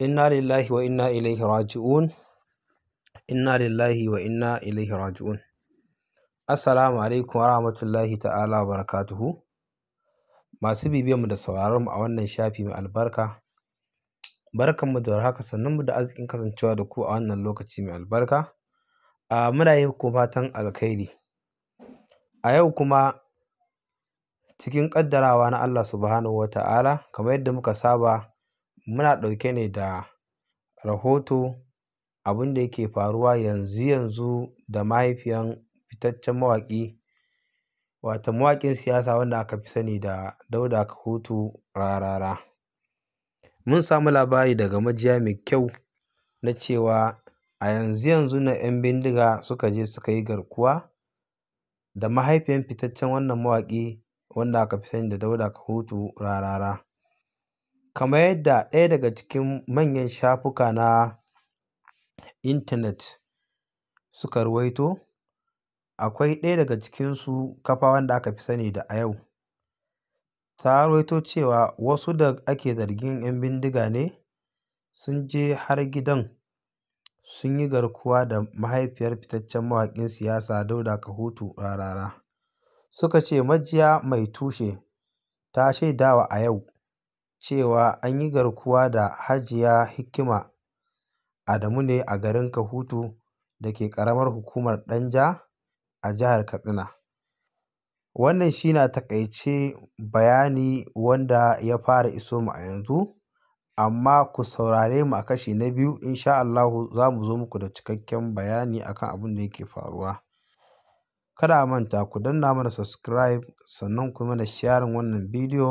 Inna lillahi wa inna ilaihi raji'un. Inna lillahi wa inna ilaihi raji'un. Assalamu alaikum wa rahmatullahi ta'ala wa barakatuhu. Masu mu da sauraron mu a wannan shafi mai albarka. Barkanmu da warhaka mu da arzikin kasancewa da ku a wannan lokaci mai albarka. A muna yi ku fatan alkhairi. A yau kuma cikin ƙaddarawa na Allah subhanahu wa ta'ala kamar yadda muka saba muna ɗauke ne da rahoto abin da yake faruwa yanzu yanzu da mahaifiyan fitaccen mawaƙi wato mawaƙin siyasa wanda aka fi sani da Dauda Kahutu Rarara. Mun samu labari daga majiya mai kyau na cewa a yanzu yanzu nan 'yan bindiga suka je suka yi garkuwa da mahaifiyan fitaccen wannan mawaƙi wanda aka fi sani da Dauda Kahutu Rarara. kamar yadda ɗaya daga cikin manyan shafuka na intanet suka ruwaito. Akwai ɗaya daga cikinsu kafa wanda aka fi sani da a yau. Ta ruwaito cewa wasu da ake zargin 'yan bindiga ne sun je har gidan sun yi garkuwa da mahaifiyar fitaccen mawaƙin siyasa Dauda Kahutu Rarara. Suka ce majiya mai tushe ta shaidawa a yau cewa an yi garkuwa da Hajiya Hikima Adamu ne a garin Kahutu da ke ƙaramar hukumar Danja a jihar Katsina. Wannan shi ne a taƙaice bayani wanda ya fara iso mu a yanzu, amma ku saurare mu a kashi na biyu in Allahu za mu zo muku da cikakken bayani a kan abin da yake faruwa. Kada a manta ku danna mana subscribe sannan ku yi mana sharing wannan bidiyo.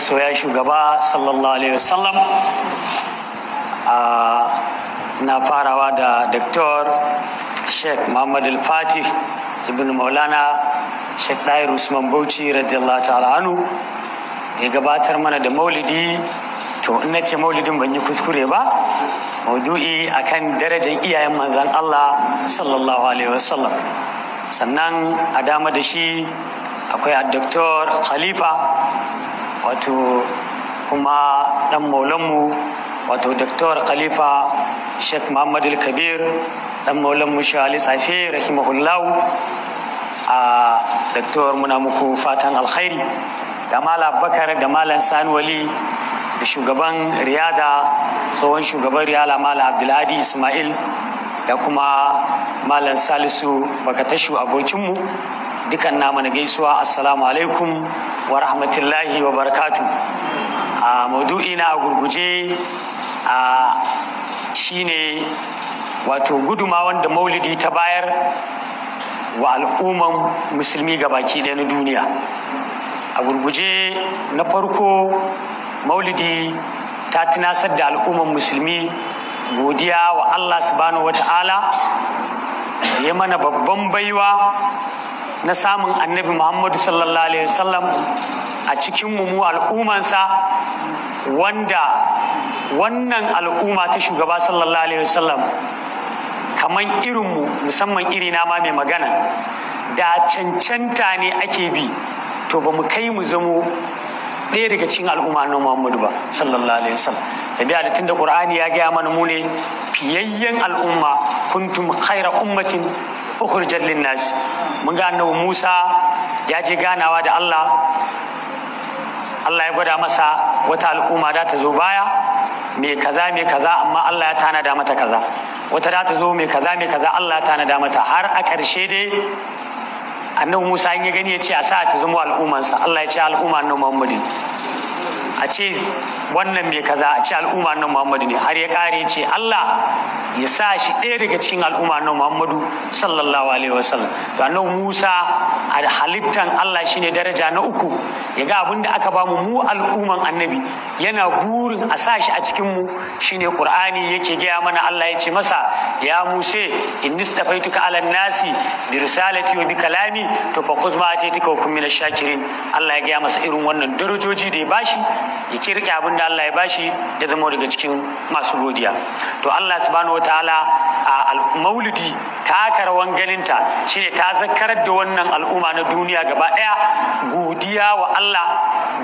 masoya shugaba sallallahu alaihi wasallam na farawa da Dr. sheikh muhammad al-fatih ibn maulana sheikh dair usman bauchi radiyallahu ta'ala anu ya gabatar mana da maulidi to in nace maulidin ban yi kuskure ba maudu'i akan darajar iyayen manzan Allah sallallahu alaihi wasallam sannan a dama da shi akwai a doktor khalifa wato kuma dan maulanmu wato Dr. khalifa sheikh muhammadu kabir dan maulanmu shali safe rahimahullahu a Dr. muna muku fatan alkhairi da malam bakar da malam sani wali da shugaban riyada tsohon shugaban riyala malam abdulhadi ismail da kuma malam salisu bakatashu abokinmu dukan na gaisuwa assalamu alaikum wa rahmatullahi wa barakatu a maudu'i na gurguje a shine wato guduma wanda maulidi ta bayar wa al'umman musulmi ga baki ɗaya na duniya a gurguje na farko maulidi ta tunasar da al'umman musulmi godiya wa allah subhanahu wa ta'ala ya mana babban baiwa na samun annabi muhammadu sallallahu alaihi wasallam a cikin mu al'umansa wanda wannan al'umma ta shugaba sallallahu alaihi wasallam kamar irinmu musamman irina ma mai magana da cancanta ne ake bi to ba mu kai mu zamo ɗaya daga cikin al'umma na Muhammadu ba sallallahu alaihi wasallam sabiya da tunda Qur'ani ya gaya mana mune ne fiyayyen al'umma kuntum khaira ummatin ukhrijat linnas mun ga annabi Musa ya je ganawa da Allah Allah ya gwada masa wata al'umma da ta zo baya mai kaza mai kaza amma Allah ya tanada mata kaza wata da ta zo mai kaza mai kaza Allah ya tanada mata har a ƙarshe dai annabi Musa in ya gani ya ce a sa ta zama sa, Allah ya ce al'umma annabi Muhammadu a ce wannan mai kaza a ci al'umma nan muhammadu ne har ya kare ce allah ya sa shi ɗaya daga cikin al'umma nan muhammadu sallallahu alaihi wasallam to annabi musa a halittan allah shine daraja na uku ya ga abin da aka bamu mu al'umman annabi yana burin a sa shi a cikinmu shine qur'ani yake gaya mana Allah ya ce masa ya Musa inni stafaituka alan nasi bi risalati wa bi kalami to fa khudh ma atituka min shakirin Allah ya gaya masa irin wannan darajoji da ya bashi ya ki rike abin da Allah ya bashi ya zama daga cikin masu godiya to Allah subhanahu wataala a maulidi taka rawan ganinta shine ta zakarar da wannan al'umma na duniya gaba daya godiya wa Allah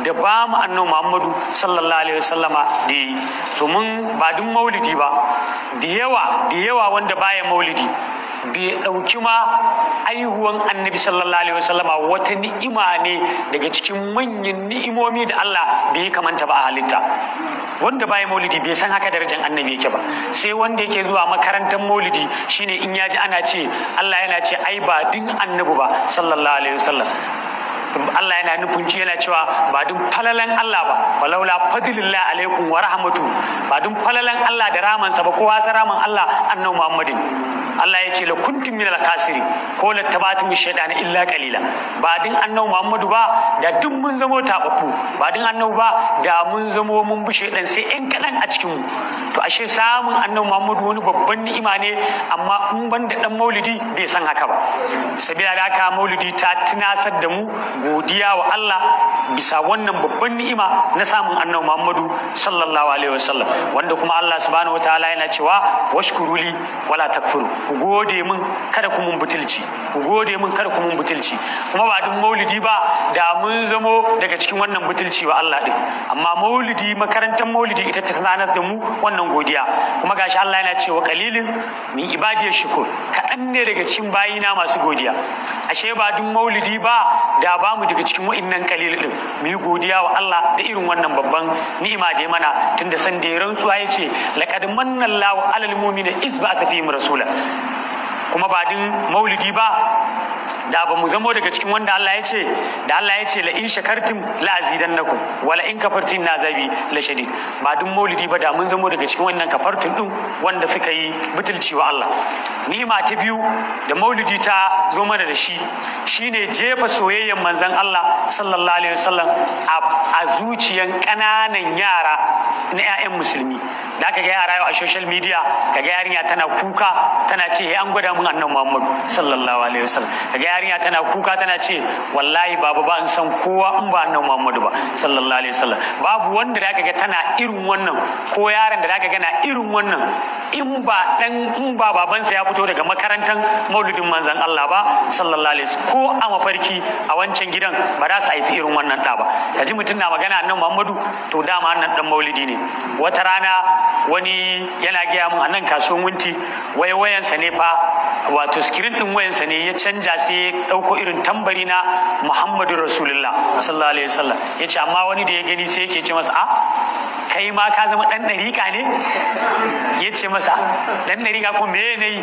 da ba mu annabi Muhammadu sallallahu sallallahu alaihi wasallama da yi so mun ba duk maulidi ba da yawa da yawa wanda baya maulidi bai ɗauki ma aihuwan annabi sallallahu alaihi wasallama wata ni'ima ne daga cikin manyan ni'imomi da Allah bai yi kamanta ba a halitta wanda baya maulidi bai san haka darajar annabi yake ba sai wanda yake zuwa makarantar maulidi shine in ya ji ana ce Allah yana ce ai ba din annabi ba sallallahu alaihi wasallam to Allah yana nufin ji yana cewa ba dun falalan Allah ba walaula fadlillah alaikum wa rahmatu ba dun falalan Allah da ramansa ba kowa sa raman Allah annabi Muhammadin Allah ya ce la kuntum min al ko la tabatum shaytan illa qalila ba dun annabi Muhammadu ba da duk mun zama tababbu ba dun annabi ba da mun zamo mun bi shaytan sai ɗan kaɗan a cikin mu to ashe samun annabi Muhammadu wani babban ni'ima ne amma in ban da dan maulidi bai san haka ba sabila da haka maulidi ta tunasar da mu godiya wa Allah bisa wannan babban ni'ima na samun annabi Muhammadu sallallahu alaihi wasallam wanda kuma Allah subhanahu wataala yana cewa washkuruli wala takfuru ku gode min kada ku mun butulci ku gode min kada ku mun butulci kuma ba duk maulidi ba da mun zamo daga cikin wannan butulci wa Allah din amma maulidi makarantar maulidi ita ta sanar da mu wannan yawan godiya kuma gashi Allah yana cewa kalilin min ibadiyar shukur kaɗan ne daga cikin bayina masu godiya ashe ba duk maulidi ba da ba mu daga cikin wa'innan kalil din mu yi godiya wa Allah da irin wannan babban ni'ima da ya mana tunda san da ya rantsuwa ya ce laqad manna Allahu alal mu'mina a ba'atha rasula kuma ba din maulidi ba da ba mu zamo daga cikin wanda Allah ya ce da Allah ya ce la in shakartum la azidannakum wala in kafartum na zabi la shadid ba duk maulidi ba da mun zamo daga cikin wannan kafartun din wanda suka yi butulci wa Allah ni'ima ta biyu da maulidi ta zo mana da shi shine jefa soyayyen manzon Allah sallallahu alaihi wasallam a zuciyan ƙananan yara na 'ya'yan musulmi da ka ga yara a social media ka ga yarinya tana kuka tana ce ya eh, an gwada mun annan Muhammad sallallahu alaihi wasallam ka ga yarinya tana kuka tana ce wallahi babu ba an san kowa in ba annan Muhammad ba sallallahu alaihi wasallam babu wanda da ka ga tana irin wannan ko yaron da da ka ga na irin wannan in ba dan in ba babansa ya fito daga makarantar mauludin manzan Allah ba sallallahu alaihi wasallam ko a mafarki a wancan gidan ba za su haifi irin wannan da ba kaji mutum na magana annan Muhammadu to dama annan dan maulidi ne wata rana wani yana gaya mun annan kasuwan winti wai wayansa ne fa wato screen din wayansa ne ya canja sai ya dauko irin tambari na Muhammadu Rasulullah sallallahu alaihi wasallam yace amma wani da ya gani sai yake ce masa a ah, kai ma ka zama dan ɗariƙa ne ya ce masa dan ɗariƙa ko me ne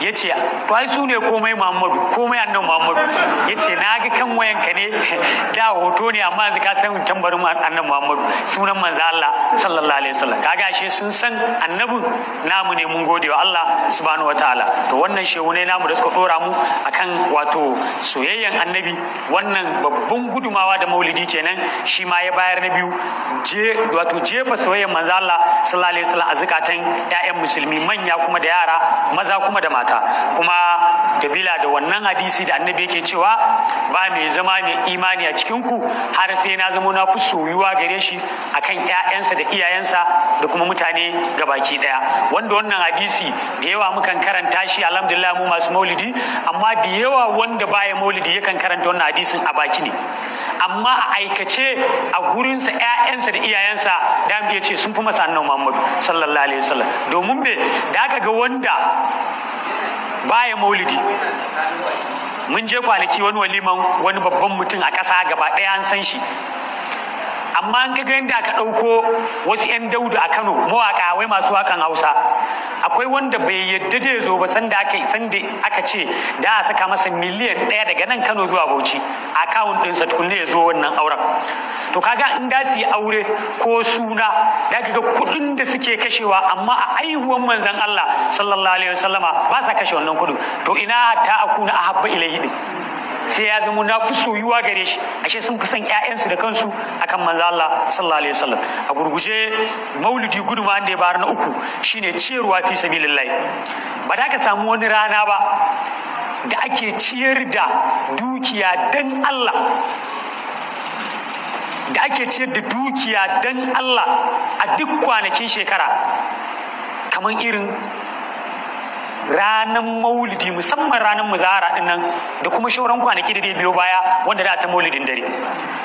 ya ce to ai su ne komai muhammadu komai annan muhammadu ya ce na ga kan wayanka ne da hoto ne amma yanzu ka san tambarin annan muhammadu sunan manzo Allah sallallahu alaihi wasallam kaga shi sun san annabin namu ne mun gode wa Allah subhanahu wataala to wannan shehu ne namu da suka dora mu akan wato soyayyen annabi wannan babban gudumawa da maulidi kenan shi ma ya bayar na biyu je wato je jefa soyayyar manzo Allah sallallahu alaihi wasallam a zukatan ƴaƴan musulmi manya kuma da yara maza kuma da mata kuma kabila da wannan hadisi da annabi yake cewa ba me zama ne imani a cikin ku har sai na zama na fi soyuwa gare shi akan ƴaƴansa da iyayensa da kuma mutane gabaki daya wanda wannan hadisi da yawa mukan karanta shi alhamdulillah mu masu maulidi amma da yawa wanda baya maulidi yakan karanta wannan hadisin a baki ne amma a aikace a gurinsa 'ya'yansa da iyayensa da ya ce sun fi masa annan Muhammadu sallallahu alaihi wasallam domin me da aka ga wanda baya maulidi mun je kwanaki wani waliman wani babban mutum a ƙasa gaba ɗaya an san shi amma an ga yadda aka ɗauko wasu 'yan daudu a kano mawaƙa wai masu waƙan hausa akwai wanda bai yadda da ya zo ba sanda aka sanda aka ce da a saka masa miliyan ɗaya daga nan kano zuwa bauchi a akawun ɗinsa tukunne ya zo wannan auren to kaga in da su yi aure ko suna da kaga kuɗin da suke kashewa amma a aihuwan manzan Allah sallallahu alaihi wasallama ba sa kashe wannan kuɗin to ina ta aku na ahabba ilaihi din sai ya zama na fi soyuwa gare shi ashe sun fi son ƴaƴansu da kansu akan manzo Allah sallallahu alaihi wasallam a gurguje maulidi guduma da ya bar na uku shine ciyarwa fi sabilillah ba da ka samu wani rana ba da ake ciyar da dukiya dan Allah da ake ciyar da dukiya dan Allah a duk kwanakin shekara kamar irin ranan maulidi musamman ranar muzahara din nan da kuma shauran kwanaki da dai biyo baya wanda da ta maulidin dare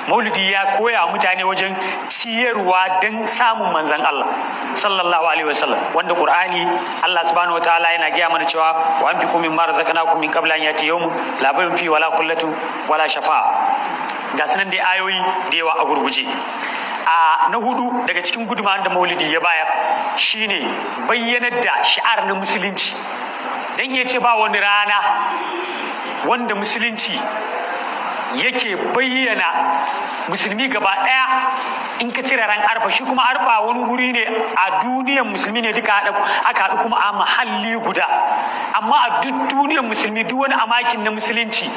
maulidi ya koya mutane wajen ciyarwa don samun manzan Allah sallallahu alaihi wasallam wanda qur'ani Allah subhanahu wataala yana gaya mana cewa wa anfiqu mimma razaqnakum min qabla an yati yawm la bayn fi wala qullatu wala shafa'a ga sanan dai ayoyi da yawa a gurguje a na hudu daga cikin guduma da maulidi ya bayar shine bayyanar da shi'ar na musulunci dan ya ce ba wani rana wanda musulunci yake bayyana musulmi gaba ɗaya in ka cire ran arfa shi kuma arfa wani wuri ne a duniyar musulmi ne duka aka haɗu kuma a mahalli guda amma a duk duniyar musulmi duk wani amakin na musulunci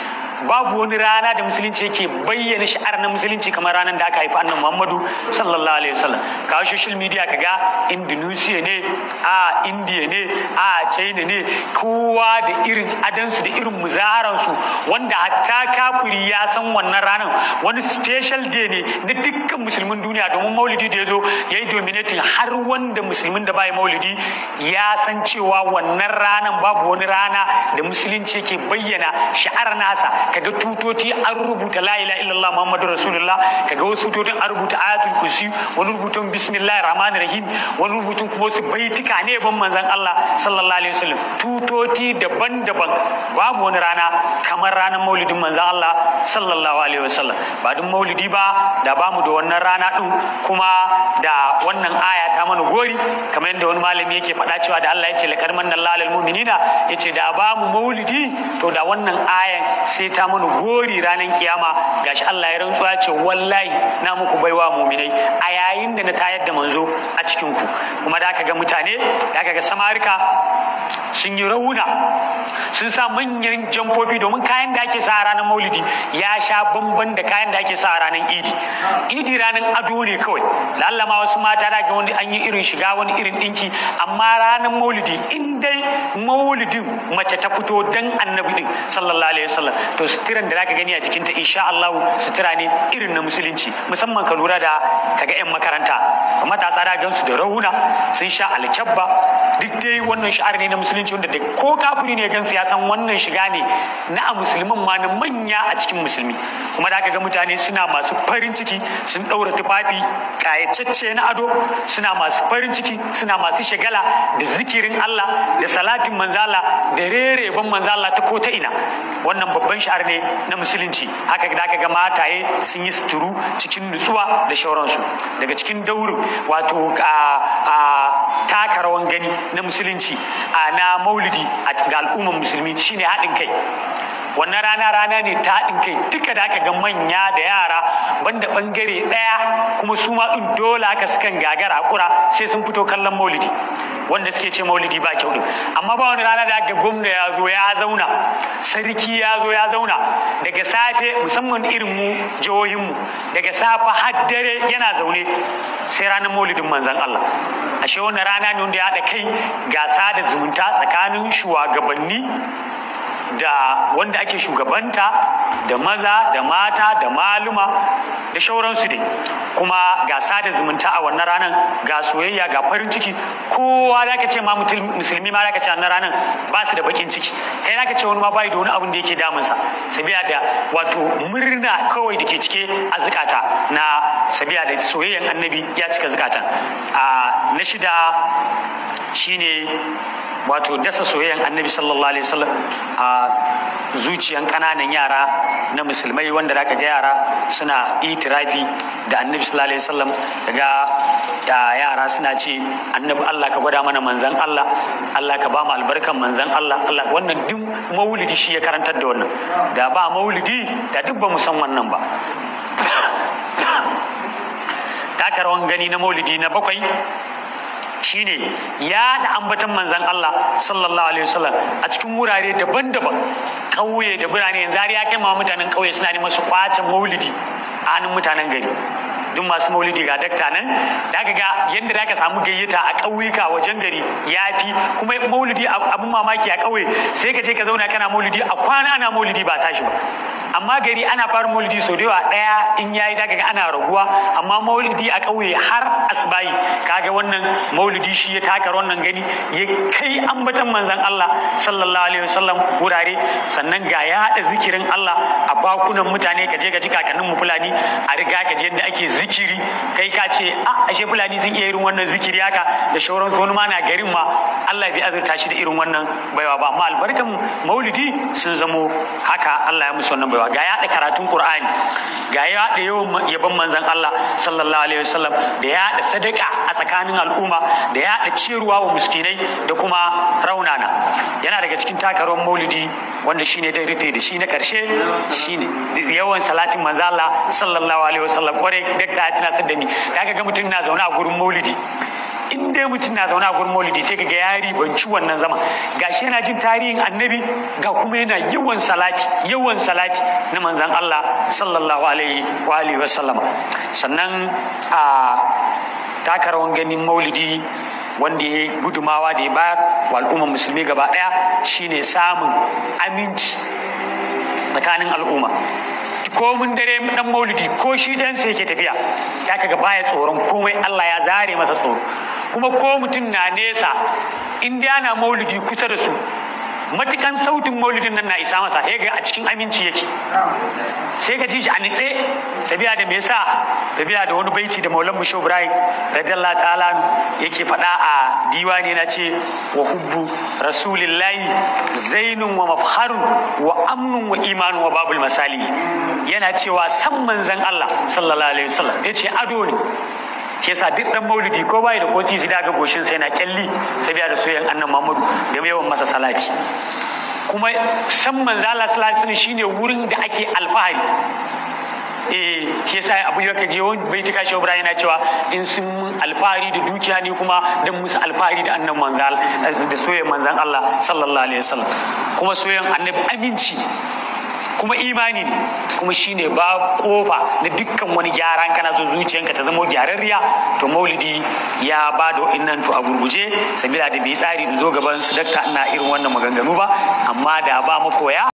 babu wani rana da musulunci yake bayyana shi'ar na musulunci kamar ranar da aka haifi annan muhammadu sallallahu alaihi wasallam kawo social media kaga indonesia ne a india ne a china ne kowa da irin adansu da irin muzaharansu wanda hatta kafiri ya san wannan ranar wani special day ne na dukkan musulmin duniya domin maulidi da ya zo ya yi dominating har wanda musulmin da bai maulidi ya san cewa wannan ranar babu wani rana da musulunci yake bayyana sha'ar nasa kaga tutoti an rubuta la ilaha illallah muhammadu rasulullah kaga wasu tutotin an rubuta ayatul kursi wani rubutun bismillahir rahmanir rahim wani rubutun kuma wasu baitika ne ban manzon Allah sallallahu alaihi wasallam tutoti daban-daban babu wani rana kamar ranar maulidin manzon Allah sallallahu alaihi wasallam ba dun maulidi ba da bamu da wannan rana din kuma da wannan aya ta mana gori kamar yadda wani malami yake faɗa cewa da Allah ya ce laqad manna Allahu alal mu'minina yace da bamu maulidi to da wannan ayan sai ta mana gori ranar kiyama gashi Allah ya ya ce wallahi na muku baiwa muminai a yayin da na tayar da manzo a cikin ku kuma da aka ga mutane da aka ga samarika sun yi rauna sun sa manyan jamfofi domin kayan da ake sa ranar maulidi ya sha bamban da kayan da ake sa ranar idi idi ranar ado ne kawai lallama wasu mata da ga wani an yi irin shiga wani irin dinki amma ranar maulidi in dai maulidin mace ta fito dan annabi din sallallahu alaihi wasallam to sutiran da zaka gani a jikin ta insha Allah sutura ne irin na musulunci musamman ka lura da kaga yan makaranta matasa da gansu da rauna sun sha alkabba duk dai wannan sha'ar ne na musulunci wanda ko kafiri ne gansu ya san wannan shiga ne na a musulmin ma na manya a cikin musulmi kuma da aka ga mutane suna masu farin ciki sun ɗaura tufafi kayacecce na ado suna masu farin ciki suna masu shagala da zikirin Allah da salatin manzala da rereban manzala ta ko ta ina wannan babban sha'ar ne na musulunci haka da aka ga mataye sun yi suturu cikin nutsuwa da shauransu daga cikin daurin wato a taka rawan gani na musulunci a na maulidi a ga al'ummar musulmi shine haɗin kai wannan rana rana ne ta haɗin kai duka da aka ga manya da yara banda ɓangare ɗaya kuma su ma ɗin dole aka sukan gagara kura sai sun fito kallon maulidi wanda suke ce maulidi ba kyau amma ba wani rana da aka gwamna ya zo ya zauna sarki ya zo ya zauna daga safe musamman irin mu jihohinmu daga safe har dare yana zaune sai ranar maulidin manzon Allah ashe wani rana ne wanda ya haɗa kai gasa da zumunta tsakanin shugabanni da wanda ake shugabanta da maza da mata da maluma da shauransu dai kuma ga sada zumunta a wannan ranar ga soyayya ga farin ciki kowa za ka ce ma musulmi ma za ka ce a ranar ba su da bakin ciki kai za ka ce wani ma bai da wani abin da yake damunsa sabiya da wato murna kawai da ke cike a zukata na sabiya da soyayyan annabi ya cika zukatan a ah, na shida shine wato dasa soyayyan annabi sallallahu alaihi wasallam a zuciyan kananan yara na musulmai wanda zaka ga yara suna itirafi da annabi sallallahu alaihi wasallam daga da yara suna ce annabi Allah ka gwada mana manzan Allah Allah ka ba mu albarkan manzan Allah Allah wannan duk maulidi shi ya karantar da wannan da ba maulidi da duk ba mu san wannan ba taka rawan gani na maulidi na bakwai shine ya da ambatan manzan Allah sallallahu alaihi wasallam a cikin wurare daban-daban ƙauye da birane yanzu har ya kai ma mutanen ƙauye suna neman su kwace maulidi a hannun mutanen gari duk masu maulidi ga dakta nan da ka ga yadda da ka samu gayyata a ƙauyuka wajen gari ya fi kuma maulidi abin mamaki a ƙauye sai ka ce ka zauna kana maulidi a kwana ana maulidi ba tashi ba amma gari ana fara maulidi sau da yawa ɗaya in ya yi daga ana raguwa amma maulidi a kauye har asibayi kaga wannan maulidi shi ya taka wannan gani ya kai ambatan manzan Allah sallallahu alaihi wasallam wurare sannan ga ya haɗa zikirin Allah a bakunan mutane ka je ka ji kakannin mu fulani a riga ka je yadda ake zikiri kai ka ce a ah, ashe fulani sun iya irin wannan zikiri haka da shauran wani ma na garin ma Allah bai azurta shi da irin wannan baiwa ba amma albarkan maulidi sun zamo haka Allah ya musu wannan baiwa cewa ga yaɗa karatun Qur'ani ga yaɗa yawan yabon manzon Allah sallallahu alaihi wasallam da yaɗa sadaka a tsakanin al'umma da yaɗa ciruwa wa muskinai, da kuma raunana yana daga cikin takarar maulidi wanda shine dai rufe da shi na karshe shine yawan salatin manzon Allah sallallahu alaihi wasallam kwarai dakta ya tunatar kaga ga mutum na zaune a gurin maulidi in dai mutum na zaune a gurin maulidi sai ga yari ci wannan zama gashi yana jin tarihin annabi ga kuma yana yawan salati yawan salati na manzan Allah sallallahu alaihi wa alihi wa sallama sannan a taka ganin maulidi wanda ya gudumawa da ya bayar wa al'ummar musulmi gaba ɗaya shine samun aminci tsakanin al'umma ko mun dare dan maulidi ko shi dan sai yake tafiya ya kaga baya tsoron komai Allah ya zare masa tsoro kuma ko mutum na nesa in dai maulidi kusa da su matukan sautin maulidin nan na isa masa ya ga a cikin aminci yake sai ka ji shi a nitse sabiya da me yasa sabiya da wani baiti da maulan musho ibrahim radiyallahu ta'ala yake faɗa a diwani na ce wa hubbu rasulillahi zainun wa mafharun wa amnun wa imanun wa babul masali yana cewa san manzon Allah sallallahu alaihi wasallam yace ado ne shi yasa duk dan maulidi ko bai da koti sai daga goshin sai na kyalli biya da soyayyan annan Muhammadu da yawan masa salati kuma san manzo Allah sallallahu alaihi shine wurin da ake alfahari eh shi yasa Abu Bakar je wani bai tuka shi Ibrahim yana cewa in sun mun alfahari da dukiya ne kuma dan musu alfahari da annan manzo da soyayyan manzon Allah sallallahu alaihi wasallam kuma soyayyen annabi aminci kuma imani ne kuma shine ba kofa na dukkan wani gyaran kana so zuciyanka ta zama gyararriya to maulidi ya ba da wa'innan to a gurguje sabila da bai tsari da zo gaban su dakta ina irin wannan maganganu ba amma da ba makoya